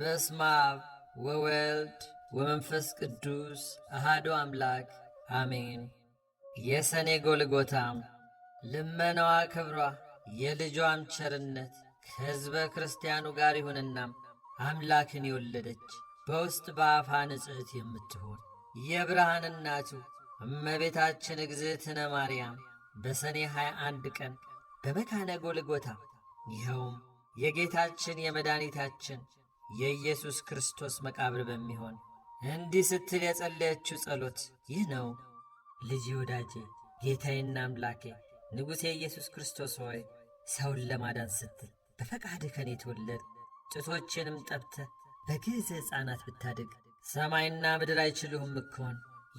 በስመ አብ ወወልድ ወመንፈስ ቅዱስ አሃዶ አምላክ አሜን። የሰኔ ጎልጎታም ልመናዋ ክብሯ የልጇም ቸርነት ከሕዝበ ክርስቲያኑ ጋር ይሁንና አምላክን የወለደች በውስጥ በአፋ ንጽሕት የምትሆን የብርሃን እናቱ እመቤታችን እግዝእትነ ማርያም በሰኔ 21 ቀን በመካነ ጎልጎታ ይኸውም የጌታችን የመድኃኒታችን የኢየሱስ ክርስቶስ መቃብር በሚሆን እንዲህ ስትል የጸለየችው ጸሎት ይህ ነው። ልጅ ወዳጄ፣ ጌታዬና አምላኬ ንጉሴ ኢየሱስ ክርስቶስ ሆይ ሰውን ለማዳን ስትል በፈቃድህ ከኔ የተወለድ ጭቶችንም ጠብተ በግዕዝ ሕፃናት ብታድግ ሰማይና ምድር አይችልሁም እኮን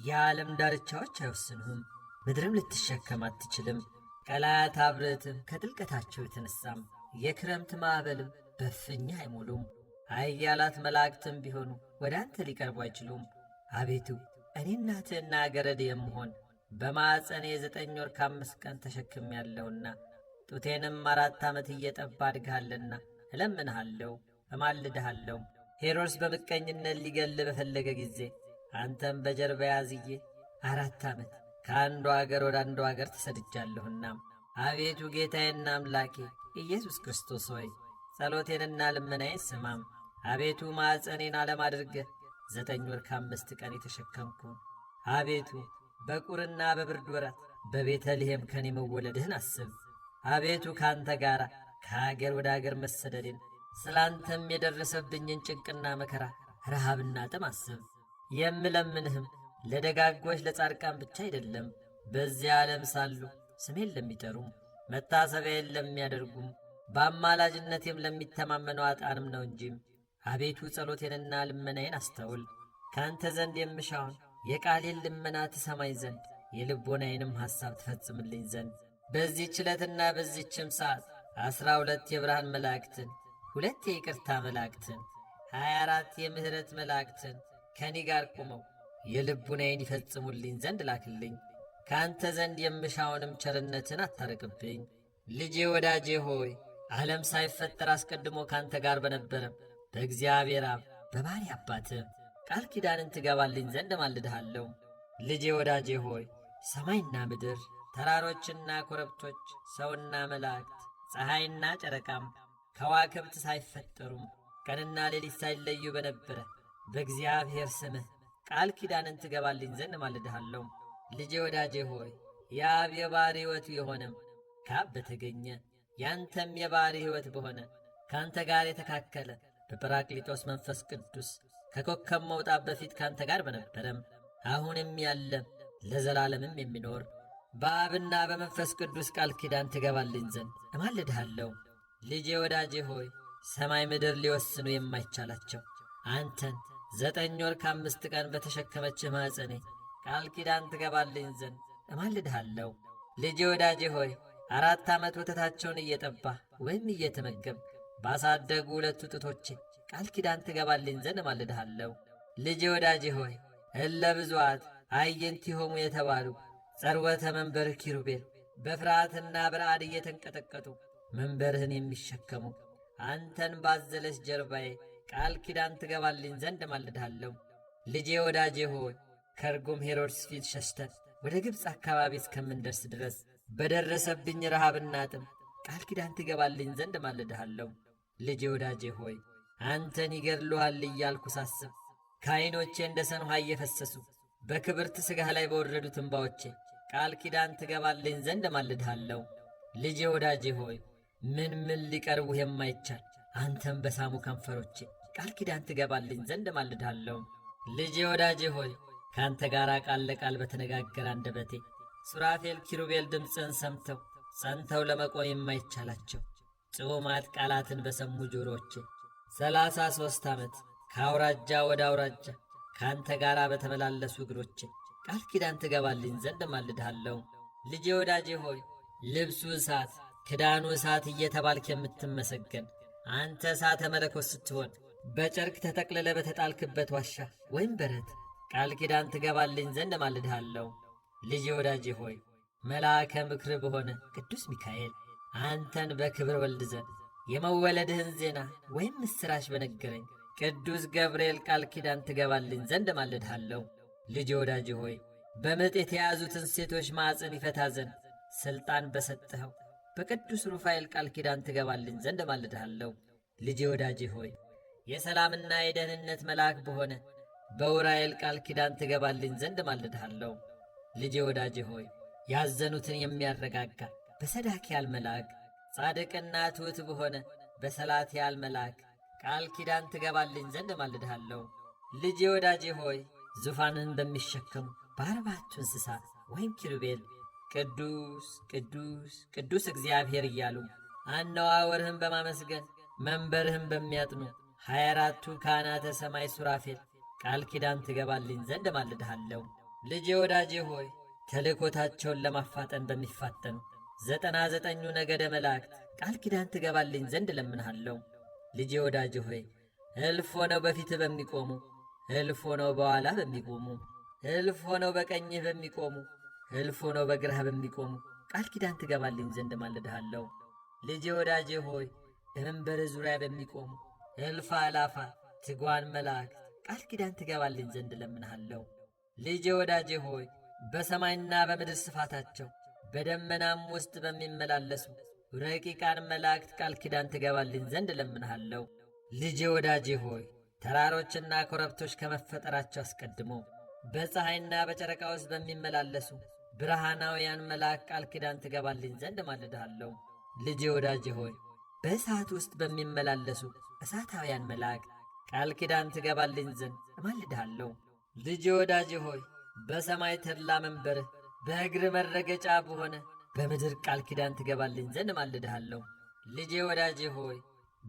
የዓለም ዳርቻዎች አይወስንሁም፣ ምድርም ልትሸከም አትችልም። ቀላያት አብረትም ከጥልቀታቸው የተነሳም የክረምት ማዕበልም በፍኛ አይሞሉም። ኃያላት መላእክትም ቢሆኑ ወደ አንተ ሊቀርቡ አይችሉም። አቤቱ እኔ እናትህና ገረድ የምሆን በማዕፀኔ ዘጠኝ ወር ከአምስት ቀን ተሸክም ያለውና ጡቴንም አራት ዓመት እየጠባ አድግሃልና እለምንሃለሁ እማልድሃለሁ። ሄሮድስ በምቀኝነት ሊገል በፈለገ ጊዜ አንተም በጀርባ ያዝዬ አራት ዓመት ከአንዱ አገር ወደ አንዱ አገር ተሰድጃለሁና አቤቱ ጌታዬና አምላኬ ኢየሱስ ክርስቶስ ሆይ ጸሎቴንና ልመናዬን ስማም። አቤቱ ማኅፀኔን ዓለም አድርገህ ዘጠኝ ወር ከአምስት ቀን የተሸከምኩ አቤቱ በቁርና በብርድ ወራት በቤተልሔም ከኔ መወለድህን አስብ። አቤቱ ከአንተ ጋር ከአገር ወደ አገር መሰደድን ስለ አንተም የደረሰብኝን ጭንቅና መከራ ረሃብና ጥም አስብ። የምለምንህም ለደጋጎች ለጻድቃን ብቻ አይደለም፣ በዚያ ዓለም ሳሉ ስሜን ለሚጠሩም መታሰቢያን ለሚያደርጉም በአማላጅነቴም ለሚተማመኑ አጣንም ነው እንጂ አቤቱ ጸሎቴንና ልመናዬን አስተውል። ከአንተ ዘንድ የምሻውን የቃሌን ልመና ትሰማኝ ዘንድ የልቦናዬንም ሐሳብ ትፈጽምልኝ ዘንድ በዚህች ዕለትና በዚህችም ሰዓት ዐሥራ ሁለት የብርሃን መላእክትን ሁለት የይቅርታ መላእክትን ሀያ አራት የምሕረት መላእክትን ከእኔ ጋር ቁመው የልቡናዬን ይፈጽሙልኝ ዘንድ ላክልኝ። ከአንተ ዘንድ የምሻውንም ቸርነትን አታርቅብኝ። ልጄ ወዳጄ ሆይ ዓለም ሳይፈጠር አስቀድሞ ከአንተ ጋር በነበረም በእግዚአብሔር አብ በባሪ አባት ቃል ኪዳንን ትገባልኝ ዘንድ ማልድሃለሁ። ልጄ ወዳጄ ሆይ ሰማይና ምድር፣ ተራሮችና ኮረብቶች፣ ሰውና መላእክት፣ ፀሐይና ጨረቃም ከዋክብት ሳይፈጠሩም ቀንና ሌሊት ሳይለዩ በነበረ በእግዚአብሔር ስምህ ቃል ኪዳንን ትገባልኝ ዘንድ ማልድሃለሁ። ልጄ ወዳጄ ሆይ የአብ የባሕሪ ሕይወት የሆነም ከአብ በተገኘ ያንተም የባሕሪ ሕይወት በሆነ ከአንተ ጋር የተካከለ በጰራቅሊጦስ መንፈስ ቅዱስ ከኮከብ መውጣት በፊት ካንተ ጋር በነበረም አሁንም ያለ ለዘላለምም የሚኖር በአብና በመንፈስ ቅዱስ ቃል ኪዳን ትገባልኝ ዘንድ እማልድሃለሁ። ልጄ ወዳጄ ሆይ ሰማይ ምድር ሊወስኑ የማይቻላቸው አንተን ዘጠኝ ወር ከአምስት ቀን በተሸከመችህ ማዕፀኔ ቃል ኪዳን ትገባልኝ ዘንድ እማልድሃለሁ። ልጄ ወዳጄ ሆይ አራት ዓመት ወተታቸውን እየጠባህ ወይም እየተመገብ ባሳደጉ ሁለቱ ጥቶች ቃል ኪዳን ትገባልኝ ዘንድ ማልድሃለሁ። ልጄ ወዳጄ ሆይ እለ ብዙዓት አዕይንቲሆሙ የተባሉ ጸርወተ መንበር ኪሩቤል በፍርሃትና በረአድ እየተንቀጠቀጡ መንበርህን የሚሸከሙ አንተን ባዘለች ጀርባዬ ቃል ኪዳን ትገባልኝ ዘንድ ማልድሃለሁ። ልጄ ወዳጄ ሆይ ከርጉም ሄሮድስ ፊት ሸሽተን ወደ ግብፅ አካባቢ እስከምንደርስ ድረስ በደረሰብኝ ረሃብና ጥም ቃል ኪዳን ትገባልኝ ዘንድ ማልድሃለሁ። ልጄ ወዳጄ ሆይ አንተን ይገድሉሃል እያልኩ ሳስብ ከዐይኖቼ እንደ ሰንኋ እየፈሰሱ በክብርት ሥጋህ ላይ በወረዱ ትንባዎቼ ቃል ኪዳን ትገባልኝ ዘንድ ማልድሃለሁ። ልጄ ወዳጄ ሆይ ምን ምን ሊቀርቡህ የማይቻል አንተም በሳሙ ከንፈሮቼ ቃል ኪዳን ትገባልኝ ዘንድ ማልድሃለሁ። ልጄ ወዳጄ ሆይ ከአንተ ጋር ቃል ለቃል በተነጋገረ አንደበቴ ሱራፌል ኪሩቤል ድምፀን ሰምተው ጸንተው ለመቆም የማይቻላቸው ጽሑማት ቃላትን በሰሙ ጆሮቼ ሰላሳ ሦስት ዓመት ከአውራጃ ወደ አውራጃ ከአንተ ጋር በተመላለሱ እግሮቼ ቃል ኪዳን ትገባልኝ ዘንድ ማልድሃለሁ። ልጄ ወዳጄ ሆይ ልብሱ እሳት ክዳኑ እሳት እየተባልክ የምትመሰገን አንተ እሳተ መለኮት ስትሆን በጨርቅ ተጠቅልለ በተጣልክበት ዋሻ ወይም በረት ቃል ኪዳን ትገባልኝ ዘንድ ማልድሃለሁ። ልጄ ወዳጄ ሆይ መልአከ ምክር በሆነ ቅዱስ ሚካኤል አንተን በክብር ወልድ ዘንድ የመወለድህን ዜና ወይም ምስራች በነገረኝ ቅዱስ ገብርኤል ቃል ኪዳን ትገባልኝ ዘንድ ማልድሃለሁ። ልጅ ወዳጅ ሆይ በምጥ የተያዙትን ሴቶች ማዕፀን ይፈታ ዘንድ ሥልጣን በሰጠኸው በቅዱስ ሩፋኤል ቃል ኪዳን ትገባልኝ ዘንድ ማልድሃለሁ። ልጅ ወዳጅ ሆይ የሰላምና የደህንነት መልአክ በሆነ በውራኤል ቃል ኪዳን ትገባልኝ ዘንድ ማልድሃለሁ። ልጅ ወዳጅ ሆይ ያዘኑትን የሚያረጋጋ በሰዳክያል መልአክ ጻድቅና ትሑት በሆነ በሰላትያል መልአክ ቃል ኪዳን ትገባልኝ ዘንድ ማልድሃለሁ። ልጄ ወዳጄ ሆይ ዙፋንን በሚሸከሙ በአርባቱ እንስሳ ወይም ኪሩቤል ቅዱስ ቅዱስ ቅዱስ እግዚአብሔር እያሉ አነዋወርህም በማመስገን መንበርህን በሚያጥኑ ሀያ አራቱ ካህናተ ሰማይ ሱራፌል ቃል ኪዳን ትገባልኝ ዘንድ ማልድሃለሁ። ልጄ ወዳጄ ሆይ ተልእኮታቸውን ለማፋጠን በሚፋጠኑ ዘጠና ዘጠኙ ነገደ መላእክት ቃል ኪዳን ትገባልኝ ዘንድ እለምንሃለሁ። ልጄ ወዳጅ ሆይ እልፍ ሆነው በፊት በሚቆሙ እልፍ ሆነው በኋላ በሚቆሙ እልፍ ሆነው በቀኝህ በሚቆሙ እልፍ ሆነው በግራህ በሚቆሙ ቃል ኪዳን ትገባልኝ ዘንድ ማልድሃለሁ። ልጄ ወዳጄ ሆይ በመንበረ ዙሪያ በሚቆሙ እልፍ አላፋ ትጓን መላእክት ቃል ኪዳን ትገባልኝ ዘንድ እለምንሃለሁ። ልጄ ወዳጄ ሆይ በሰማይና በምድር ስፋታቸው በደመናም ውስጥ በሚመላለሱ ረቂቃን መላእክት ቃል ኪዳን ትገባልኝ ዘንድ እለምንሃለሁ። ልጄ ወዳጄ ሆይ ተራሮችና ኮረብቶች ከመፈጠራቸው አስቀድሞ በፀሐይና በጨረቃ ውስጥ በሚመላለሱ ብርሃናውያን መልአክ ቃል ኪዳን ትገባልኝ ዘንድ ማልድሃለሁ። ልጄ ወዳጄ ሆይ በእሳት ውስጥ በሚመላለሱ እሳታውያን መልአክ ቃል ኪዳን ትገባልኝ ዘንድ እማልድሃለሁ። ልጄ ወዳጄ ሆይ በሰማይ ተድላ መንበርህ በእግር መረገጫ በሆነ በምድር ቃል ኪዳን ትገባልኝ ዘንድ ማልድሃለሁ። ልጄ ወዳጄ ሆይ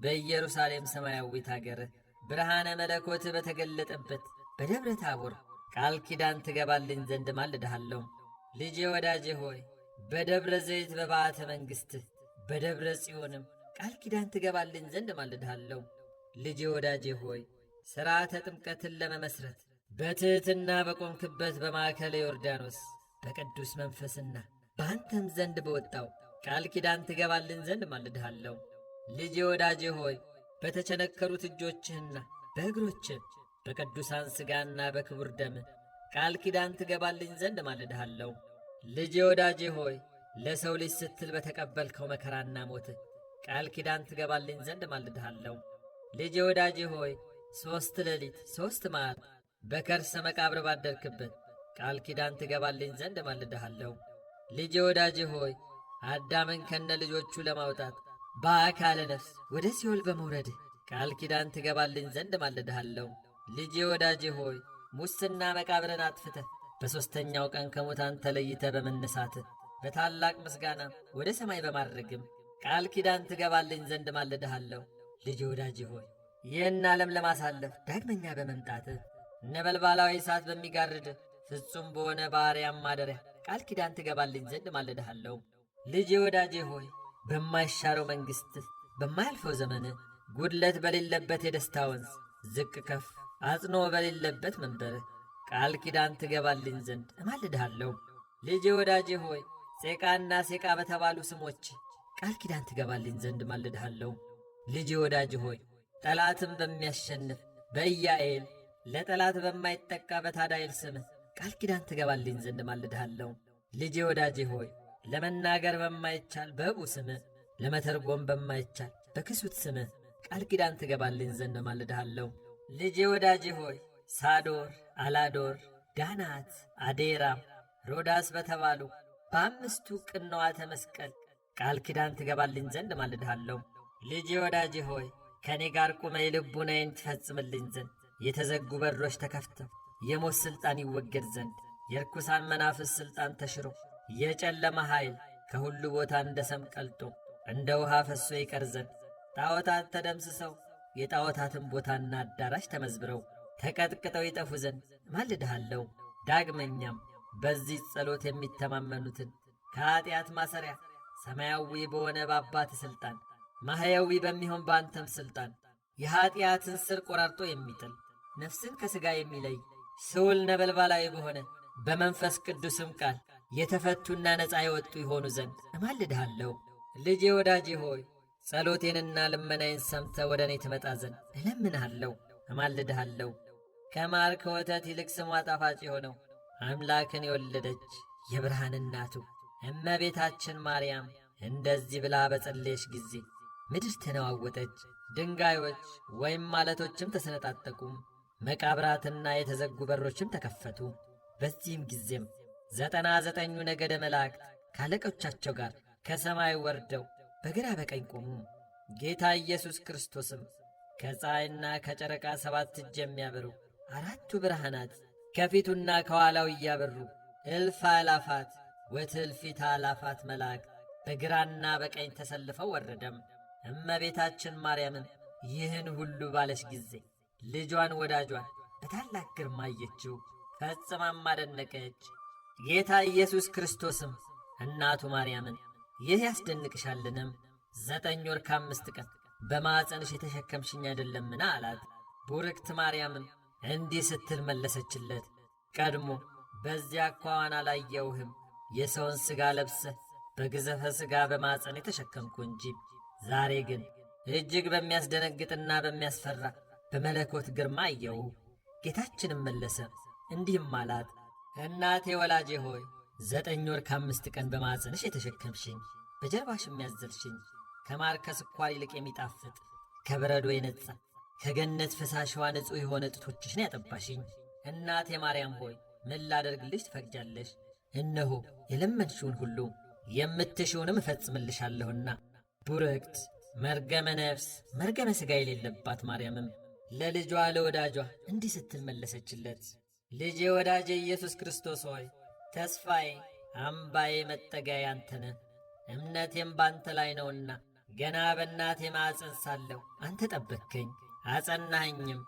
በኢየሩሳሌም ሰማያዊት አገር ብርሃነ መለኮት በተገለጠበት በደብረ ታቦር ቃል ኪዳን ትገባልኝ ዘንድ ማልድሃለሁ። ልጄ ወዳጄ ሆይ በደብረ ዘይት በባዕተ መንግሥት በደብረ ጽዮንም ቃል ኪዳን ትገባልኝ ዘንድ ማልድሃለሁ። ልጄ ወዳጄ ሆይ ሥርዓተ ጥምቀትን ለመመስረት በትሕትና በቆምክበት በማዕከለ ዮርዳኖስ በቅዱስ መንፈስና በአንተም ዘንድ በወጣው ቃል ኪዳን ትገባልን ዘንድ ማልድሃለሁ። ልጄ ወዳጄ ሆይ በተቸነከሩት እጆችህና በእግሮችህ በቅዱሳን ሥጋና በክቡር ደም ቃል ኪዳን ትገባልኝ ዘንድ ማልድሃለሁ። ልጄ ወዳጄ ሆይ ለሰው ልጅ ስትል በተቀበልከው መከራና ሞት ቃል ኪዳን ትገባልኝ ዘንድ ማልድሃለሁ። ልጄ ወዳጄ ሆይ ሦስት ሌሊት ሦስት መዓል በከርሰ መቃብር ባደርክበት ቃል ኪዳን ትገባልኝ ዘንድ እማልድሃለሁ። ልጄ ወዳጄ ሆይ አዳምን ከነ ልጆቹ ለማውጣት በአካለ ነፍስ ወደ ሲኦል በመውረድ ቃል ኪዳን ትገባልኝ ዘንድ እማልድሃለሁ። ልጄ ወዳጄ ሆይ ሙስና መቃብርን አጥፍተህ በሦስተኛው ቀን ከሙታን ተለይተ በመነሳት በታላቅ ምስጋና ወደ ሰማይ በማድረግም ቃል ኪዳን ትገባልኝ ዘንድ ማልድሃለሁ። ልጄ ወዳጄ ሆይ ይህን ዓለም ለማሳለፍ ዳግመኛ በመምጣት ነበልባላዊ እሳት በሚጋርድ ፍጹም በሆነ ባሪያም ማደሪያ ቃል ኪዳን ትገባልኝ ዘንድ ማልድሃለሁ። ልጄ ወዳጄ ሆይ በማይሻረው መንግሥት በማያልፈው ዘመን ጉድለት በሌለበት የደስታ ወንዝ ዝቅ ከፍ አጽኖ በሌለበት መንበር ቃል ኪዳን ትገባልኝ ዘንድ እማልድሃለሁ። ልጄ ወዳጄ ሆይ ሴቃና ሴቃ በተባሉ ስሞች ቃል ኪዳን ትገባልኝ ዘንድ ማልድሃለሁ። ልጄ ወዳጄ ሆይ ጠላትን በሚያሸንፍ በኢያኤል ለጠላት በማይጠቃ በታዳኤል ስምህ ቃል ኪዳን ትገባልኝ ዘንድ ማልድሃለሁ። ልጄ ወዳጄ ሆይ ለመናገር በማይቻል በእቡ ስምህ ለመተርጎም በማይቻል በክሱት ስምህ ቃል ኪዳን ትገባልኝ ዘንድ ማልድሃለሁ። ልጄ ወዳጄ ሆይ ሳዶር፣ አላዶር፣ ዳናት፣ አዴራ፣ ሮዳስ በተባሉ በአምስቱ ቅንዋተ መስቀል ቃል ኪዳን ትገባልኝ ዘንድ ማልድሃለሁ። ልጄ ወዳጄ ሆይ ከእኔ ጋር ቁመ የልቡናዬን ትፈጽምልኝ ዘንድ የተዘጉ በሮች ተከፍተው የሞት ሥልጣን ይወገድ ዘንድ የርኩሳን መናፍስ ሥልጣን ተሽሮ የጨለማ ኃይል ከሁሉ ቦታ እንደ ሰም ቀልጦ እንደ ውሃ ፈሶ ይቀር ዘንድ ጣዖታት ተደምስሰው የጣዖታትን ቦታና አዳራሽ ተመዝብረው ተቀጥቅጠው ይጠፉ ዘንድ ማልድሃለሁ። ዳግመኛም በዚህ ጸሎት የሚተማመኑትን ከኀጢአት ማሰሪያ ሰማያዊ በሆነ በአባት ሥልጣን ማሕያዊ በሚሆን በአንተም ሥልጣን የኀጢአትን ሥር ቆራርጦ የሚጥል ነፍስን ከሥጋ የሚለይ ስውል ነበልባላዊ በሆነ በመንፈስ ቅዱስም ቃል የተፈቱና ነፃ የወጡ ይሆኑ ዘንድ እማልድሃለሁ። ልጄ ወዳጄ ሆይ ጸሎቴንና ልመናዬን ሰምተ ወደ እኔ ትመጣ ዘንድ እለምንሃለሁ፣ እማልድሃለሁ። ከማር ከወተት ይልቅ ስሟ ጣፋጭ የሆነው አምላክን የወለደች የብርሃን እናቱ እመቤታችን ማርያም እንደዚህ ብላ በጸለየች ጊዜ ምድር ተነዋወጠች፣ ድንጋዮች ወይም ማለቶችም ተሰነጣጠቁም። መቃብራትና የተዘጉ በሮችም ተከፈቱ። በዚህም ጊዜም ዘጠና ዘጠኙ ነገደ መላእክት ካለቆቻቸው ጋር ከሰማይ ወርደው በግራ በቀኝ ቆሙ። ጌታ ኢየሱስ ክርስቶስም ከፀሐይና ከጨረቃ ሰባት እጅ የሚያበሩ አራቱ ብርሃናት ከፊቱና ከኋላው እያበሩ እልፍ አላፋት ወትእልፊት አላፋት መላእክት በግራና በቀኝ ተሰልፈው ወረደም። እመቤታችን ማርያምን ይህን ሁሉ ባለች ጊዜ ልጇን ወዳጇን በታላቅ ግርማ አየችው፣ ፈጽማም አደነቀች። ጌታ ኢየሱስ ክርስቶስም እናቱ ማርያምን ይህ ያስደንቅሻልንም ዘጠኝ ወር ከአምስት ቀን በማዕፀንሽ የተሸከምሽኝ አይደለምን አላት። ቡርክት ማርያምም እንዲህ ስትል መለሰችለት፣ ቀድሞ በዚያ አኳዋን አላየውህም፣ የሰውን ሥጋ ለብሰህ በግዘፈ ሥጋ በማፀን የተሸከምኩ እንጂ ዛሬ ግን እጅግ በሚያስደነግጥና በሚያስፈራ በመለኮት ግርማ አየው። ጌታችንም መለሰ እንዲህም አላት፣ እናቴ ወላጄ ሆይ ዘጠኝ ወር ከአምስት ቀን በማኅፀንሽ የተሸከምሽኝ በጀርባሽ የሚያዘልሽኝ ከማር ከስኳር ይልቅ የሚጣፍጥ ከበረዶ የነጻ ከገነት ፈሳሽዋ ንጹሕ የሆነ ጡቶችሽን ያጠባሽኝ እናቴ ማርያም ሆይ ምን ላደርግልሽ ትፈቅጃለሽ? እነሆ የለመንሽውን ሁሉ የምትሽውንም እፈጽምልሻለሁና። ቡረክት መርገመ ነፍስ መርገመ ሥጋ የሌለባት ማርያምም ለልጇ ለወዳጇ እንዲህ ስትል መለሰችለት፣ ልጄ ወዳጄ ኢየሱስ ክርስቶስ ሆይ ተስፋዬ፣ አምባዬ፣ መጠጊያዬ ያንተነ እምነቴም ባንተ ላይ ነውና ገና በእናቴ ማዕፀን ሳለሁ አንተ ጠበቅከኝ አጸናኸኝም።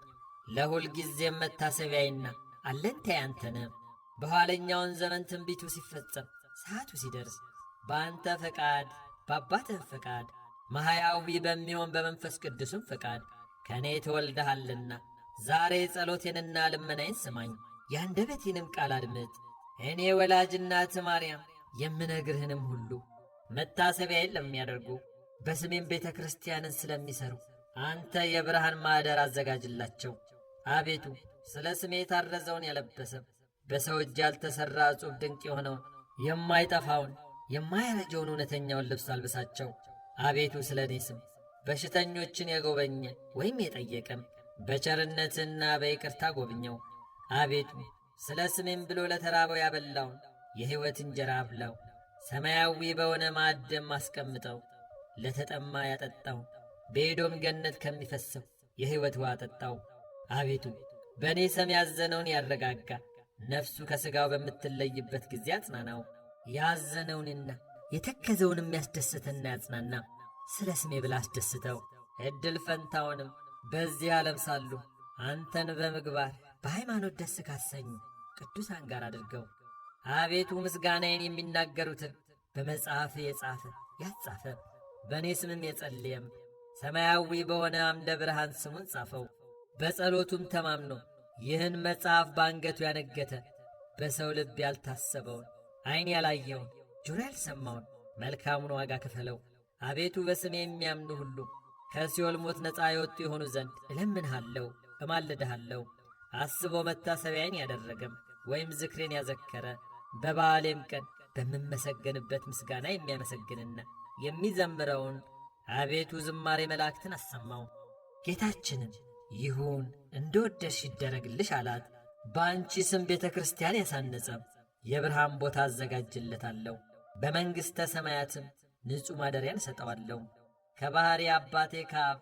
ለሁል ጊዜም መታሰቢያዬና አለንታይ አንተነ። በኋለኛውን ዘመን ትንቢቱ ሲፈጸም ሰዓቱ ሲደርስ በአንተ ፈቃድ፣ በአባትህ ፈቃድ፣ ማሕያዊ በሚሆን በመንፈስ ቅዱስም ፈቃድ ከእኔ ትወልደሃልና ዛሬ ጸሎቴንና ልመናዬን ስማኝ፣ የአንደበቴንም ቃል አድምጥ። እኔ ወላጅ እናት ማርያም የምነግርህንም ሁሉ መታሰቢያዬን ለሚያደርጉ በስሜም ቤተ ክርስቲያንን ስለሚሠሩ አንተ የብርሃን ማዕደር አዘጋጅላቸው። አቤቱ ስለ ስሜ የታረዘውን ያለበሰ በሰው እጅ ያልተሠራ ዕጹብ ድንቅ የሆነውን የማይጠፋውን የማያረጀውን እውነተኛውን ልብስ አልብሳቸው። አቤቱ ስለ እኔ ስም በሽተኞችን የጎበኘ ወይም የጠየቀም በቸርነትና በይቅርታ ጎብኘው። አቤቱ ስለ ስሜም ብሎ ለተራበው ያበላውን የሕይወት እንጀራ አብላው። ሰማያዊ በሆነ ማዕደም አስቀምጠው። ለተጠማ ያጠጣው በኤዶም ገነት ከሚፈሰው የሕይወት ውሃ አጠጣው። አቤቱ በእኔ ሰም ያዘነውን ያረጋጋ፣ ነፍሱ ከሥጋው በምትለይበት ጊዜ አጽናናው። ያዘነውንና የተከዘውን ያስደሰተና ያጽናና ስለ ስሜ ብላ አስደስተው እድል ፈንታውንም በዚህ ዓለም ሳሉ አንተን በምግባር በሃይማኖት ደስ ካሰኙ ቅዱሳን ጋር አድርገው። አቤቱ ምስጋናዬን የሚናገሩትን በመጽሐፍ የጻፈ ያጻፈ በእኔ ስምም የጸልየም ሰማያዊ በሆነ አምደ ብርሃን ስሙን ጻፈው። በጸሎቱም ተማምኖ ይህን መጽሐፍ በአንገቱ ያነገተ በሰው ልብ ያልታሰበውን ዐይን ያላየውን ጆሮ ያልሰማውን መልካሙን ዋጋ ክፈለው። አቤቱ በስሜ የሚያምኑ ሁሉ ከሲኦል ሞት ነፃ የወጡ የሆኑ ዘንድ እለምንሃለሁ፣ እማልድሃለሁ። አስቦ መታሰቢያን ያደረገም ወይም ዝክሬን ያዘከረ በበዓሌም ቀን በምመሰገንበት ምስጋና የሚያመሰግንና የሚዘምረውን አቤቱ ዝማሬ መላእክትን አሰማው። ጌታችንን ይሁን እንደ ወደድሽ ይደረግልሽ አላት። በአንቺ ስም ቤተ ክርስቲያን ያሳነጸም የብርሃን ቦታ አዘጋጅለታለሁ በመንግሥተ ሰማያትም ንጹሕ ማደሪያን እሰጠዋለሁ። ከባሕሪ አባቴ ከአብ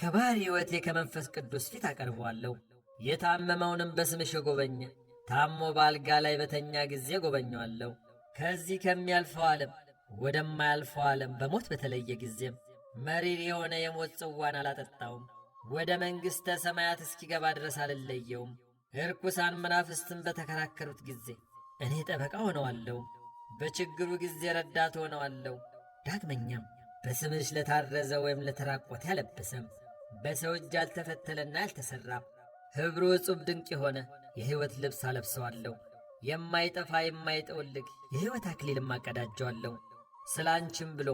ከባሕሪ ሕይወቴ ከመንፈስ ቅዱስ ፊት አቀርበዋለሁ። የታመመውንም በስምሽ ጎበኘ ታሞ በአልጋ ላይ በተኛ ጊዜ ጎበኘዋለሁ። ከዚህ ከሚያልፈው ዓለም ወደማያልፈው ዓለም በሞት በተለየ ጊዜም መሪር የሆነ የሞት ጽዋን አላጠጣውም። ወደ መንግሥተ ሰማያት እስኪገባ ድረስ አልለየውም። እርኩሳን መናፍስትን በተከራከሩት ጊዜ እኔ ጠበቃ ሆነዋለሁ፣ በችግሩ ጊዜ ረዳት ሆነዋለሁ። ዳግመኛም በስምሽ ለታረዘ ወይም ለተራቆተ ያለበሰም በሰው እጅ ያልተፈተለና ያልተሠራም ኅብሩ ዕጹብ ድንቅ የሆነ የሕይወት ልብስ አለብሰዋለሁ። የማይጠፋ የማይጠወልግ የሕይወት አክሊልም አቀዳጀዋለሁ። ስለ አንቺም ብሎ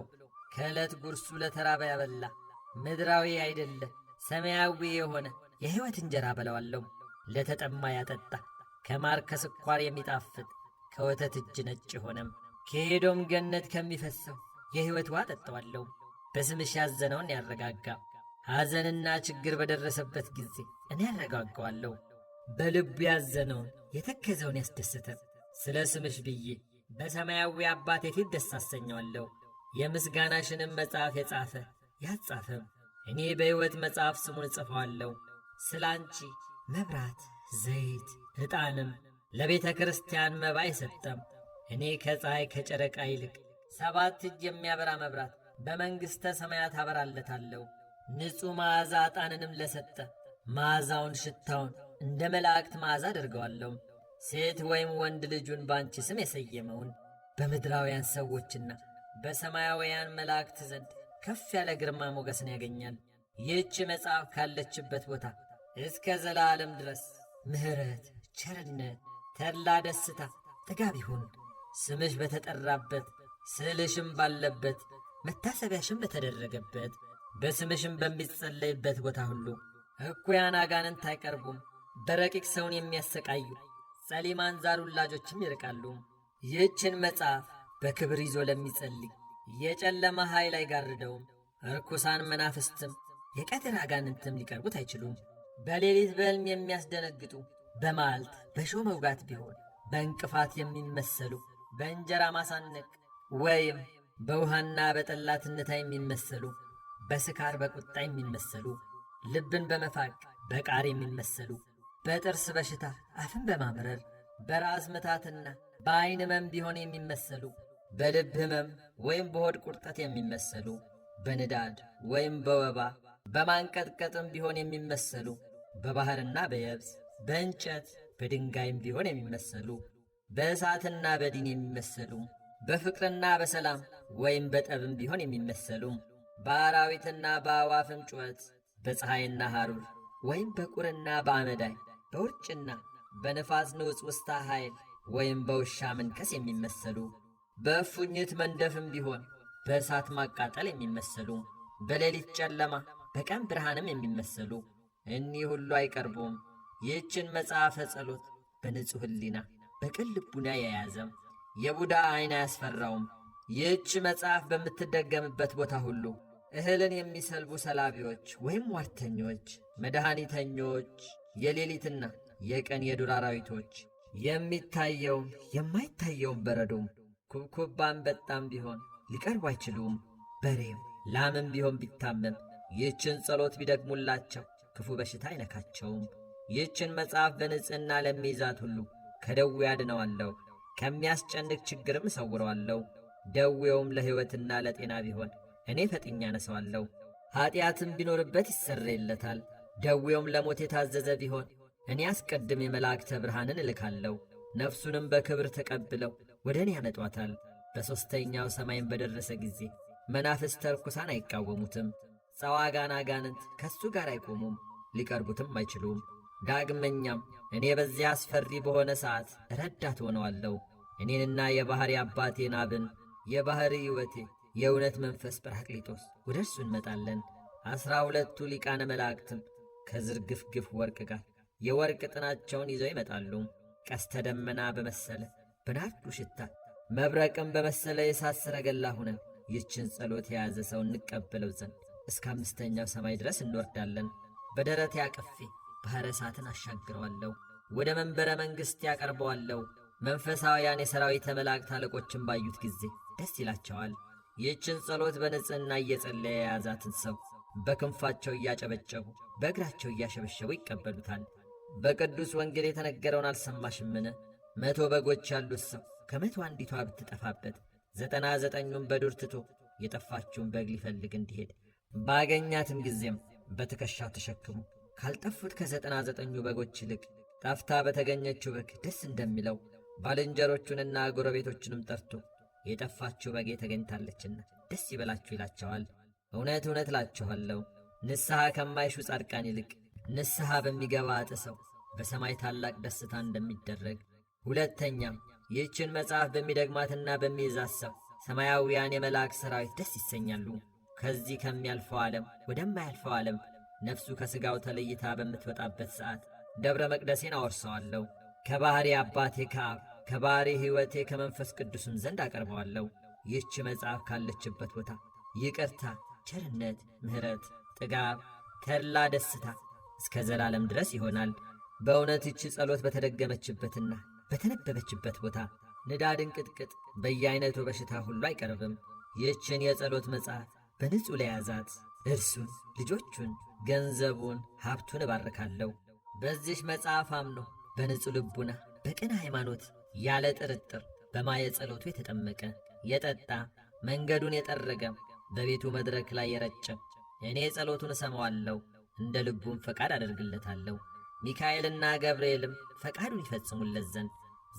ከዕለት ጉርሱ ለተራበ ያበላ ምድራዊ አይደለ ሰማያዊ የሆነ የሕይወት እንጀራ በለዋለሁ። ለተጠማ ያጠጣ ከማር ከስኳር የሚጣፍጥ ከወተት እጅ ነጭ የሆነም ከሄዶም ገነት ከሚፈሰው የሕይወት ውሃ ጠጣዋለሁ። በስምሽ ያዘነውን ያረጋጋ ሐዘንና ችግር በደረሰበት ጊዜ እኔ ያረጋጋዋለሁ። በልቡ ያዘነውን የተከዘውን ያስደሰተ ስለ ስምሽ ብዬ በሰማያዊ አባቴ ፊት ደስ አሰኘዋለሁ። የምስጋናሽንም መጽሐፍ የጻፈ ያጻፈም እኔ በሕይወት መጽሐፍ ስሙን እጽፈዋለሁ። ስለ አንቺ መብራት፣ ዘይት፣ ዕጣንም ለቤተ ክርስቲያን መባ አይሰጠም። እኔ ከፀሐይ ከጨረቃ ይልቅ ሰባት እጅ የሚያበራ መብራት በመንግሥተ ሰማያት አበራለታለሁ። ንጹሕ መዓዛ ዕጣንንም ለሰጠ መዓዛውን ሽታውን እንደ መላእክት መዓዛ አድርገዋለሁ። ሴት ወይም ወንድ ልጁን በአንቺ ስም የሰየመውን በምድራውያን ሰዎችና በሰማያውያን መላእክት ዘንድ ከፍ ያለ ግርማ ሞገስን ያገኛል። ይህች መጽሐፍ ካለችበት ቦታ እስከ ዘላለም ድረስ ምሕረት፣ ቸርነት፣ ተድላ፣ ደስታ፣ ጥጋብ ይሁን። ስምሽ በተጠራበት ስዕልሽም ባለበት መታሰቢያሽም በተደረገበት በስምሽም በሚጸለይበት ቦታ ሁሉ እኩያን አጋንንት አይቀርቡም። በረቂቅ ሰውን የሚያሰቃዩ ጸሊማን ዛሩላጆችም ይርቃሉ። ይህችን መጽሐፍ በክብር ይዞ ለሚጸልይ የጨለማ ኃይል አይጋርደውም። ርኩሳን መናፍስትም የቀትር አጋንንትም ሊቀርቡት አይችሉም። በሌሊት በሕልም የሚያስደነግጡ በመዓልት በሾህ መውጋት ቢሆን በእንቅፋት የሚመሰሉ በእንጀራ ማሳነቅ ወይም በውሃና በጠላትነት የሚመሰሉ በስካር በቁጣ የሚመሰሉ ልብን በመፋቅ በቃር የሚመሰሉ በጥርስ በሽታ አፍን በማምረር በራስ ምታትና በአይን ህመም ቢሆን የሚመሰሉ በልብ ህመም ወይም በሆድ ቁርጠት የሚመሰሉ በንዳድ ወይም በወባ በማንቀጥቀጥም ቢሆን የሚመሰሉ በባህርና በየብስ በእንጨት በድንጋይም ቢሆን የሚመሰሉ በእሳትና በዲን የሚመሰሉ በፍቅርና በሰላም ወይም በጠብም ቢሆን የሚመሰሉ በአራዊትና በአዕዋፍም ጩኸት በፀሐይና ሐሩር ወይም በቁርና በአመዳይ በውርጭና በነፋስ ንውጽ ውስታ ኃይል ወይም በውሻ መንከስ የሚመሰሉ በእፉኝት መንደፍም ቢሆን በእሳት ማቃጠል የሚመሰሉ በሌሊት ጨለማ በቀን ብርሃንም የሚመሰሉ እኒህ ሁሉ አይቀርቡም። ይህችን መጽሐፈ ጸሎት በንጹሕ ሕሊና በቅን ልቡና የያዘም የቡዳ ዓይን አያስፈራውም። ይህች መጽሐፍ በምትደገምበት ቦታ ሁሉ እህልን የሚሰልቡ ሰላቢዎች ወይም ሟርተኞች፣ መድኃኒተኞች፣ የሌሊትና የቀን የዱር አራዊቶች፣ የሚታየውም የማይታየውም በረዶም፣ ኩብኩባ አንበጣም ቢሆን ሊቀርቡ አይችሉም። በሬም ላምም ቢሆን ቢታመም ይህችን ጸሎት ቢደግሙላቸው ክፉ በሽታ አይነካቸውም። ይህችን መጽሐፍ በንጽሕና ለሚይዛት ሁሉ ከደዌ አድነዋለሁ። ከሚያስጨንቅ ችግርም እሰውረዋለሁ። ደዌውም ለሕይወትና ለጤና ቢሆን እኔ ፈጥኛ አነሳዋለሁ። ኀጢአትም ቢኖርበት ይሰረይለታል። ደዌውም ለሞት የታዘዘ ቢሆን እኔ አስቀድሜ መላእክተ ብርሃንን እልካለሁ። ነፍሱንም በክብር ተቀብለው ወደ እኔ ያመጧታል። በሦስተኛው ሰማይም በደረሰ ጊዜ መናፍስተ ርኩሳን አይቃወሙትም። ጸዋጋን አጋንንት ከእሱ ጋር አይቆሙም፣ ሊቀርቡትም አይችሉም። ዳግመኛም እኔ በዚያ አስፈሪ በሆነ ሰዓት ረዳት ሆነዋለሁ። እኔንና የባሕሪ አባቴን አብን የባሕሪ ሕይወቴ የእውነት መንፈስ ጰራቅሊጦስ ወደ እርሱ እንመጣለን። ዐሥራ ሁለቱ ሊቃነ መላእክትም ከዝርግፍግፍ ወርቅ ጋር የወርቅ ጥናቸውን ይዘው ይመጣሉ። ቀስተ ደመና በመሰለ በናርዱ ሽታ መብረቅም በመሰለ የእሳት ሰረገላ ሆነን ይችን ጸሎት የያዘ ሰው እንቀበለው ዘንድ እስከ አምስተኛው ሰማይ ድረስ እንወርዳለን። በደረት ያቅፌ ባሕረ እሳትን አሻግረዋለሁ፣ ወደ መንበረ መንግሥት ያቀርበዋለሁ። መንፈሳውያን የሠራዊተ መላእክት አለቆችን ባዩት ጊዜ ደስ ይላቸዋል። ይህችን ጸሎት በንጽሕና እየጸለየ የያዛትን ሰው በክንፋቸው እያጨበጨቡ በእግራቸው እያሸበሸቡ ይቀበሉታል። በቅዱስ ወንጌል የተነገረውን አልሰማሽምን? መቶ በጎች ያሉት ሰው ከመቶ አንዲቷ ብትጠፋበት ዘጠና ዘጠኙን በዱር ትቶ የጠፋችውን በግ ሊፈልግ እንዲሄድ ባገኛትም ጊዜም በትከሻው ተሸክሙ ካልጠፉት ከዘጠና ዘጠኙ በጎች ይልቅ ጠፍታ በተገኘችው በግ ደስ እንደሚለው ባልንጀሮቹንና ጎረቤቶቹንም ጠርቶ የጠፋችው በጌ ተገኝታለችና ደስ ይበላችሁ ይላቸዋል። እውነት እውነት እላችኋለሁ ንስሐ ከማይሹ ጻድቃን ይልቅ ንስሐ በሚገባ አጥሰው በሰማይ ታላቅ ደስታ እንደሚደረግ፣ ሁለተኛም ይህችን መጽሐፍ በሚደግማትና በሚይዛት ሰው ሰማያውያን የመላእክት ሠራዊት ደስ ይሰኛሉ። ከዚህ ከሚያልፈው ዓለም ወደማያልፈው ዓለም ነፍሱ ከሥጋው ተለይታ በምትወጣበት ሰዓት ደብረ መቅደሴን አወርሰዋለሁ። ከባሕሪ አባቴ ከአብ ከባሕሪ ሕይወቴ ከመንፈስ ቅዱስም ዘንድ አቀርበዋለሁ። ይህች መጽሐፍ ካለችበት ቦታ ይቅርታ፣ ቸርነት፣ ምሕረት፣ ጥጋብ፣ ተድላ፣ ደስታ እስከ ዘላለም ድረስ ይሆናል። በእውነት ይቺ ጸሎት በተደገመችበትና በተነበበችበት ቦታ ንዳ ድንቅጥቅጥ በየአይነቱ በሽታ ሁሉ አይቀርብም። ይህችን የጸሎት መጽሐፍ በንጹሕ ለያዛት እርሱን ልጆቹን ገንዘቡን፣ ሀብቱን እባርካለሁ። በዚህ መጽሐፍ አምኖ በንጹሕ ልቡና በቅን ሃይማኖት ያለ ጥርጥር በማየ ጸሎቱ የተጠመቀ የጠጣ መንገዱን የጠረገ በቤቱ መድረክ ላይ የረጨ እኔ ጸሎቱን እሰማዋለሁ፣ እንደ ልቡም ፈቃድ አደርግለታለሁ። ሚካኤልና ገብርኤልም ፈቃዱን ይፈጽሙለት ዘንድ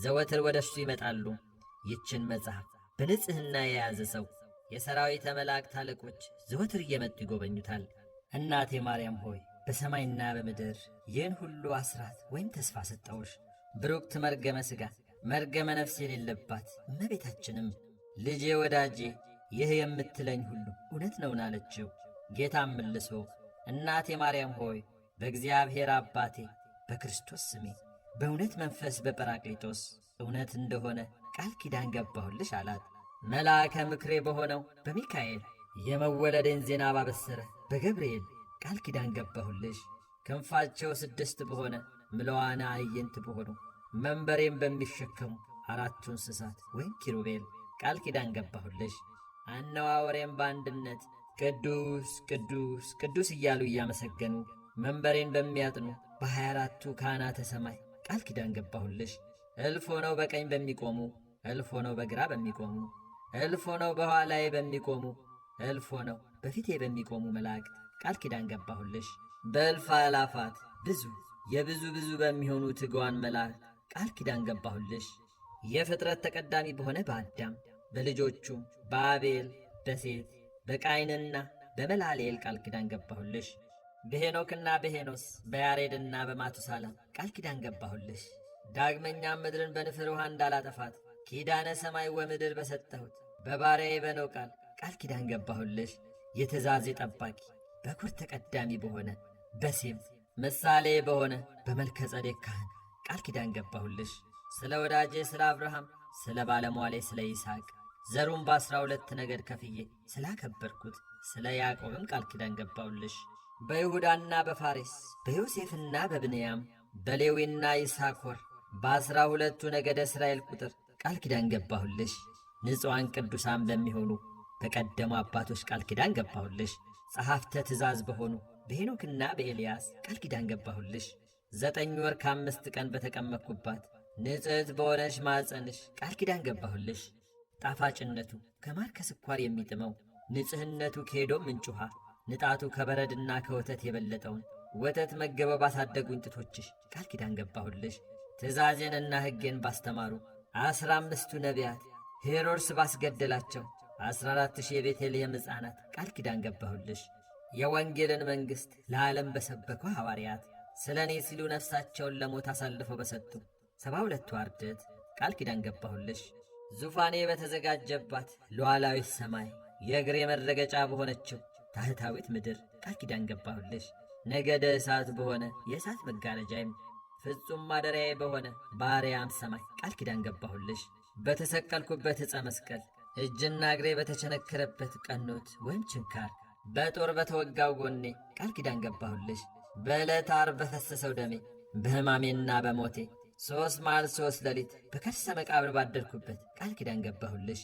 ዘወትር ወደ እሱ ይመጣሉ። ይችን መጽሐፍ በንጽሕና የያዘ ሰው የሰራዊተ መላእክት አለቆች ዘወትር እየመጡ ይጎበኙታል። እናቴ ማርያም ሆይ በሰማይና በምድር ይህን ሁሉ አስራት ወይም ተስፋ ሰጠውሽ። ብሩክት መርገመ ሥጋ መርገመ ነፍስ የሌለባት እመቤታችንም ልጄ ወዳጄ ይህ የምትለኝ ሁሉ እውነት ነውን? አለችው። ጌታም መልሶ እናቴ ማርያም ሆይ በእግዚአብሔር አባቴ በክርስቶስ ስሜ በእውነት መንፈስ በጰራቅሊጦስ እውነት እንደሆነ ቃል ኪዳን ገባሁልሽ አላት። መልአከ ምክሬ በሆነው በሚካኤል የመወለደን ዜና ባበሰረ በገብርኤል ቃል ኪዳን ገባሁልሽ። ክንፋቸው ስድስት በሆነ ምለዋና አየንት በሆኑ መንበሬን በሚሸከሙ አራቱ እንስሳት ወይም ኪሩቤል ቃል ኪዳን ገባሁልሽ። አነዋወሬን በአንድነት ቅዱስ ቅዱስ ቅዱስ እያሉ እያመሰገኑ መንበሬን በሚያጥኑ በሀያ አራቱ ካህናተ ሰማይ ቃል ኪዳን ገባሁልሽ። እልፍ ሆነው በቀኝ በሚቆሙ እልፍ ሆነው በግራ በሚቆሙ እልፍ ሆነው በኋላዬ በሚቆሙ እልፍ ሆነው በፊቴ በሚቆሙ መላእክት ቃል ኪዳን ገባሁልሽ። በእልፍ አላፋት ብዙ የብዙ ብዙ በሚሆኑ ትጉዋን መላእክት ቃል ኪዳን ገባሁልሽ። የፍጥረት ተቀዳሚ በሆነ በአዳም በልጆቹ በአቤል በሴት በቃይንና በመላሌል ቃል ኪዳን ገባሁልሽ። በሄኖክና በሄኖስ በያሬድና በማቱሳላ ቃል ኪዳን ገባሁልሽ። ዳግመኛም ምድርን በንፍር ውሃ እንዳላጠፋት ኪዳነ ሰማይ ወምድር በሰጠሁት በባሪያዬ በነው ቃል ቃል ኪዳን ገባሁልሽ የትእዛዜ ጠባቂ በኩር ተቀዳሚ በሆነ በሴም ምሳሌ በሆነ በመልከ ጸዴቅ ካህን ቃል ኪዳን ገባሁልሽ። ስለ ወዳጄ ስለ አብርሃም፣ ስለ ባለሟሌ ስለ ይስሐቅ ዘሩም በአስራ ሁለት ነገድ ከፍዬ ስላከበርኩት ስለ ያዕቆብም ቃል ኪዳን ገባሁልሽ። በይሁዳና በፋሬስ በዮሴፍና በብንያም በሌዊና ይሳኮር በአስራ ሁለቱ ነገደ እስራኤል ቁጥር ቃል ኪዳን ገባሁልሽ። ንጹሐን ቅዱሳን በሚሆኑ በቀደሙ አባቶች ቃል ኪዳን ገባሁልሽ፣ ጸሐፍተ ትእዛዝ በሆኑ በሄኖክና በኤልያስ ቃል ኪዳን ገባሁልሽ። ዘጠኝ ወር ከአምስት ቀን በተቀመጥኩባት ንጽሕት በሆነች ማፀንሽ ቃል ኪዳን ገባሁልሽ። ጣፋጭነቱ ከማር ከስኳር የሚጥመው ንጽሕነቱ ከሄዶ ምንጭ ውሃ ንጣቱ ከበረድና ከወተት የበለጠውን ወተት መገበው ባሳደጉኝ ጡቶችሽ ቃል ኪዳን ገባሁልሽ። ትእዛዜንና ሕጌን ባስተማሩ አስራ አምስቱ ነቢያት ሄሮድስ ባስገደላቸው አስራ አራት ሺህ የቤተልሔም ሕፃናት ቃል ኪዳን ገባሁልሽ የወንጌልን መንግሥት ለዓለም በሰበኩ ሐዋርያት ስለ እኔ ሲሉ ነፍሳቸውን ለሞት አሳልፈው በሰጡ ሰባ ሁለቱ አርድእት ቃል ኪዳን ገባሁልሽ ዙፋኔ በተዘጋጀባት ሉዓላዊት ሰማይ የእግሬ መረገጫ በሆነችው ታህታዊት ምድር ቃል ኪዳን ገባሁልሽ ነገደ እሳት በሆነ የእሳት መጋረጃይም ፍጹም ማደሪያዬ በሆነ በአርያም ሰማይ ቃል ኪዳን ገባሁልሽ በተሰቀልኩበት ዕፀ መስቀል እጅና እግሬ በተቸነከረበት ቀኖት ወይም ችንካር በጦር በተወጋው ጎኔ ቃል ኪዳን ገባሁልሽ። በዕለት ዓርብ በፈሰሰው ደሜ በሕማሜና በሞቴ ሦስት መዓል ሦስት ሌሊት በከርሰ መቃብር ባደርኩበት ቃል ኪዳን ገባሁልሽ።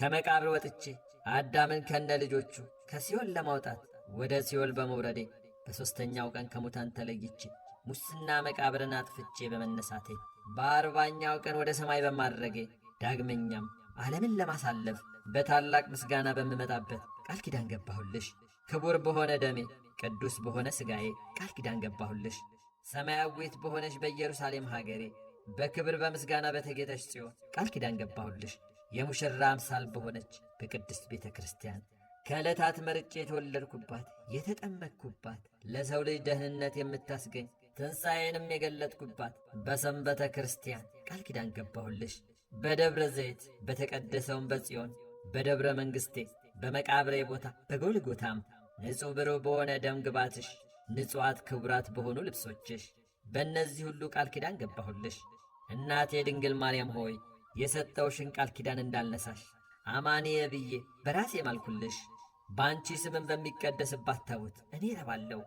ከመቃብር ወጥቼ አዳምን ከነ ልጆቹ ከሲኦል ለማውጣት ወደ ሲኦል በመውረዴ በሦስተኛው ቀን ከሙታን ተለይቼ ሙስና መቃብርን አጥፍቼ በመነሳቴ በአርባኛው ቀን ወደ ሰማይ በማድረጌ ዳግመኛም ዓለምን ለማሳለፍ በታላቅ ምስጋና በምመጣበት ቃል ኪዳን ገባሁልሽ። ክቡር በሆነ ደሜ ቅዱስ በሆነ ሥጋዬ ቃል ኪዳን ገባሁልሽ። ሰማያዊት በሆነች በኢየሩሳሌም ሀገሬ በክብር በምስጋና በተጌጠች ጽዮን ቃል ኪዳን ገባሁልሽ። የሙሽራ አምሳል በሆነች በቅድስት ቤተ ክርስቲያን ከዕለታት መርጬ የተወለድኩባት የተጠመቅኩባት ለሰው ልጅ ደህንነት የምታስገኝ ትንሣኤንም የገለጥኩባት በሰንበተ ክርስቲያን ቃል ኪዳን ገባሁልሽ። በደብረ ዘይት በተቀደሰውን በጽዮን በደብረ መንግሥቴ በመቃብሬ ቦታ በጎልጎታም ንጹሕ ብሩህ በሆነ ደም ግባትሽ ንጹዋት ክቡራት በሆኑ ልብሶችሽ በእነዚህ ሁሉ ቃል ኪዳን ገባሁልሽ። እናቴ ድንግል ማርያም ሆይ የሰጠውሽን ቃል ኪዳን እንዳልነሳሽ አማኔ ብዬ በራሴ ማልኩልሽ። በአንቺ ስምን በሚቀደስባት ታቦት እኔ እረባለሁ፣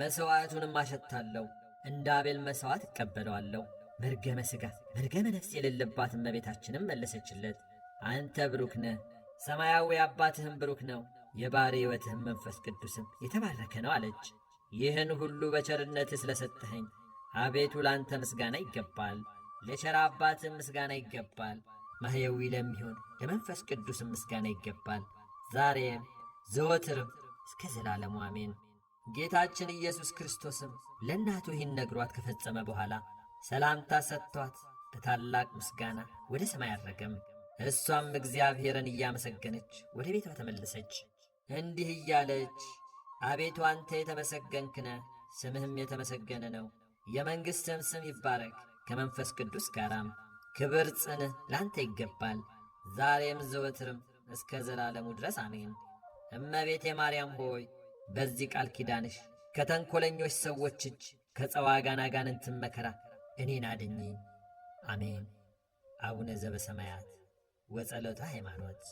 መሥዋዕቱንም አሸታለሁ፣ እንደ አቤል መሥዋዕት እቀበለዋለሁ። መርገመ ሥጋ መርገመ ነፍስ የሌለባት እመቤታችንም መለሰችለት፣ አንተ ብሩክ ነህ፣ ሰማያዊ አባትህም ብሩክ ነው፣ የባሕርይ ሕይወትህም መንፈስ ቅዱስም የተባረከ ነው አለች። ይህን ሁሉ በቸርነትህ ስለሰጠኸኝ አቤቱ ለአንተ ምስጋና ይገባል፣ ለቸር አባትህም ምስጋና ይገባል፣ ማሕየዊ ለሚሆን ለመንፈስ ቅዱስም ምስጋና ይገባል፣ ዛሬም ዘወትርም እስከ ዘላለሙ አሜን። ጌታችን ኢየሱስ ክርስቶስም ለእናቱ ይህን ነግሯት ከፈጸመ በኋላ ሰላምታ ሰጥቷት በታላቅ ምስጋና ወደ ሰማይ አረገም። እሷም እግዚአብሔርን እያመሰገነች ወደ ቤቷ ተመለሰች። እንዲህ እያለች አቤቱ አንተ የተመሰገንክነ ስምህም የተመሰገነ ነው። የመንግሥትም ስም ይባረክ፣ ከመንፈስ ቅዱስ ጋራም ክብር፣ ጽንህ ለአንተ ይገባል፣ ዛሬም ዘወትርም እስከ ዘላለሙ ድረስ አሜን። እመቤቴ ማርያም ሆይ በዚህ ቃል ኪዳንሽ ከተንኰለኞች ሰዎች እጅ ከጸዋ ጋናጋንንትን መከራ እኔን አድኝኝ። አሜን። አቡነ ዘበሰማያት ወጸሎተ ሃይማኖት